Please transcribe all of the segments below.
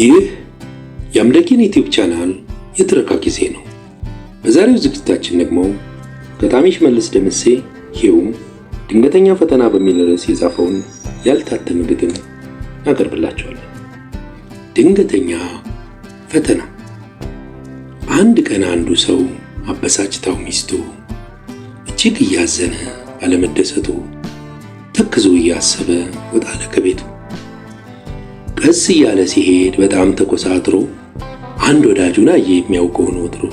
ይህ የአምደኪን ዩቲዩብ ቻናል የትረካ ጊዜ ነው። በዛሬው ዝግጅታችን ደግሞ ገጣሚ ሽመልስ ደምሴ ይኸውም ድንገተኛ ፈተና በሚል ርዕስ የጻፈውን ያልታተመ ግጥም እናቀርብላቸዋለን። ድንገተኛ ፈተና። አንድ ቀን አንዱ ሰው አበሳጭታው ሚስቱ እጅግ እያዘነ ባለመደሰቱ ተክዞ እያሰበ ወጣለ ከቤቱ ቀስ እያለ ሲሄድ በጣም ተኮሳትሮ አንድ ወዳጁን አየ የሚያውቀውን ወትሮ።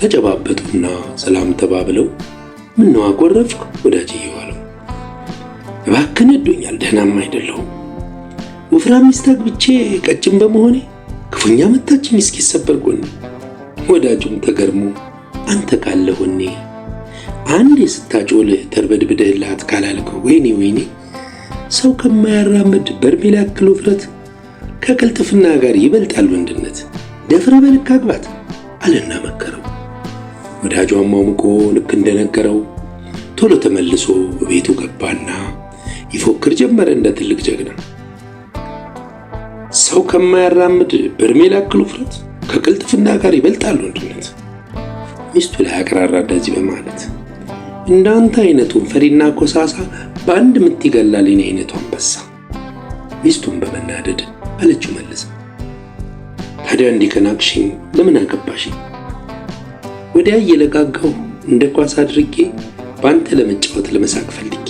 ተጨባበጡና ሰላም ተባብለው ምነው አኮረፍክ ወዳጅ አለው። እባክህን እዶኛል ደህናም አይደለሁም ወፍራም ሚስት ብቼ ቀጭን በመሆኔ ክፉኛ መታችኝ እስኪሰበር ጎኔ። ወዳጁም ተገርሞ አንተ ካለህ አንድ አንዴ ስታጮልህ ተርበድብደህላት ካላልከው ወይኔ ወይኔ ሰው ከማያራምድ በርሜል ያክል ውፍረት ከቅልጥፍና ጋር ይበልጣል ወንድነት። ደፍረ በልክ አግባት አለና መከረው። ወዳጁ አሟሙቆ ልክ እንደነገረው ቶሎ ተመልሶ ቤቱ ገባና ይፎክር ጀመረ እንደ ትልቅ ጀግና። ሰው ከማያራምድ በርሜል አክል ውፍረት ከቅልጥፍና ጋር ይበልጣል ወንድነት። ሚስቱ ላይ አቅራራ እንደዚህ በማለት እንዳንተ አይነቱን ፈሪና ኮሳሳ በአንድ ምት ይገላል የኔ አይነቱ አንበሳ። ሚስቱን በመናደድ አለችው መልሳ። ታዲያ እንዲከናቅሽኝ ለምን አገባሽኝ? ወዲያ እየለጋጋሁ እንደ ኳስ አድርጌ በአንተ ለመጫወት ለመሳቅ ፈልጌ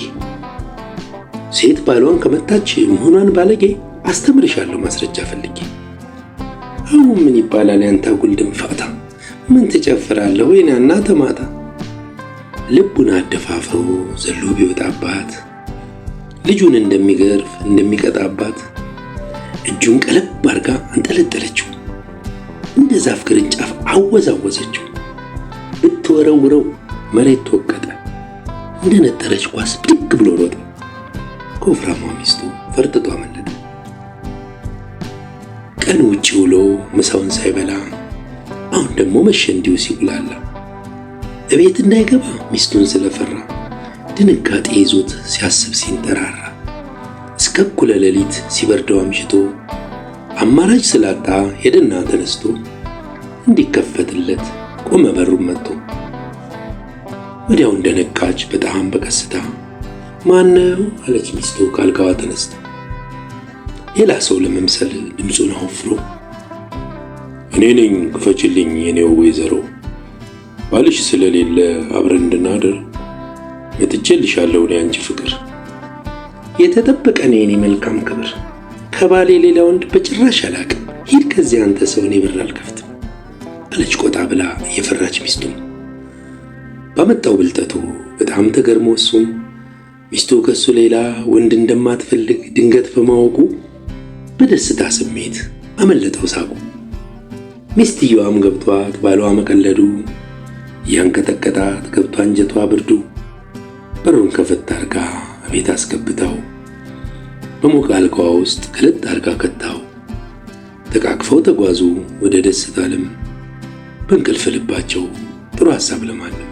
ሴት ባሏን ከመታች መሆኗን ባለጌ አስተምርሻለሁ ማስረጃ ፈልጌ አሁን ምን ይባላል ያንታ ጉልድም ድንፋታ ምን ትጨፍራለህ ወይና እና ተማታ ልቡን አደፋፍሮ ዘሎ ቢወጣባት ልጁን እንደሚገርፍ እንደሚቀጣባት እጁን ቀለብ አድርጋ አንጠለጠለችው። እንደ ዛፍ ቅርንጫፍ አወዛወዘችው። ብትወረውረው መሬት ተወቀጠ። እንደ ነጠረች ኳስ ብድግ ብሎ ሮጠ። ከወፍራሟ ሚስቱ ፈርጥጦ አመለጠ። ቀን ውጭ ውሎ ምሳውን ሳይበላ አሁን ደግሞ መሸ እንዲሁ ሲጉላላ እቤት እንዳይገባ ሚስቱን ስለፈራ ድንጋጤ ይዞት ሲያስብ ሲንጠራራ እስከ እኩለ ሌሊት ሲበርደው አምሽቶ አማራጭ ስላጣ ሄደና ተነስቶ እንዲከፈትለት ቆመ በሩም መጥቶ። ወዲያው እንደነቃች በጣም በቀስታ ማነው አለች ሚስቱ ካልጋዋ ተነስታ ሌላ ሰው ለመምሰል ድምፁን አወፍሮ እኔ ነኝ ክፈችልኝ የኔው ወይዘሮ ባልሽ ስለሌለ አብረን እንድናደር መጥቼልሻለሁ እኔ አንቺ ፍቅር የተጠበቀ ነው የኔ መልካም ክብር። ከባሌ ሌላ ወንድ በጭራሽ አላቅም። ሂድ ከዚያ አንተ ሰው፣ እኔ በር አልከፍትም አለች ቆጣ ብላ የፈራች ሚስቱም ባመጣው ብልጠቱ በጣም ተገርሞ እሱም ሚስቱ ከሱ ሌላ ወንድ እንደማትፈልግ ድንገት በማወቁ በደስታ ስሜት አመለጠው ሳቁ። ሚስትየዋም ገብቷት ባሏ መቀለዱ ያንቀጠቀጣት ገብቷ አንጀቷ ብርዱ በሩን ከፈት አርጋ ቤት አስገብታው በሞቀ አልጋዋ ውስጥ ገለጥ አርጋ ከታው። ተቃቅፈው ተጓዙ ወደ ደስታ ዓለም፣ በእንቅልፍ ልባቸው ጥሩ ሐሳብ ለማለም።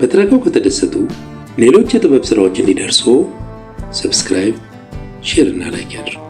በትረካው ከተደሰቱ ሌሎች የጥበብ ሥራዎች እንዲደርሶ ሰብስክራይብ፣ ሼር እና ላይክ ያድርጉ።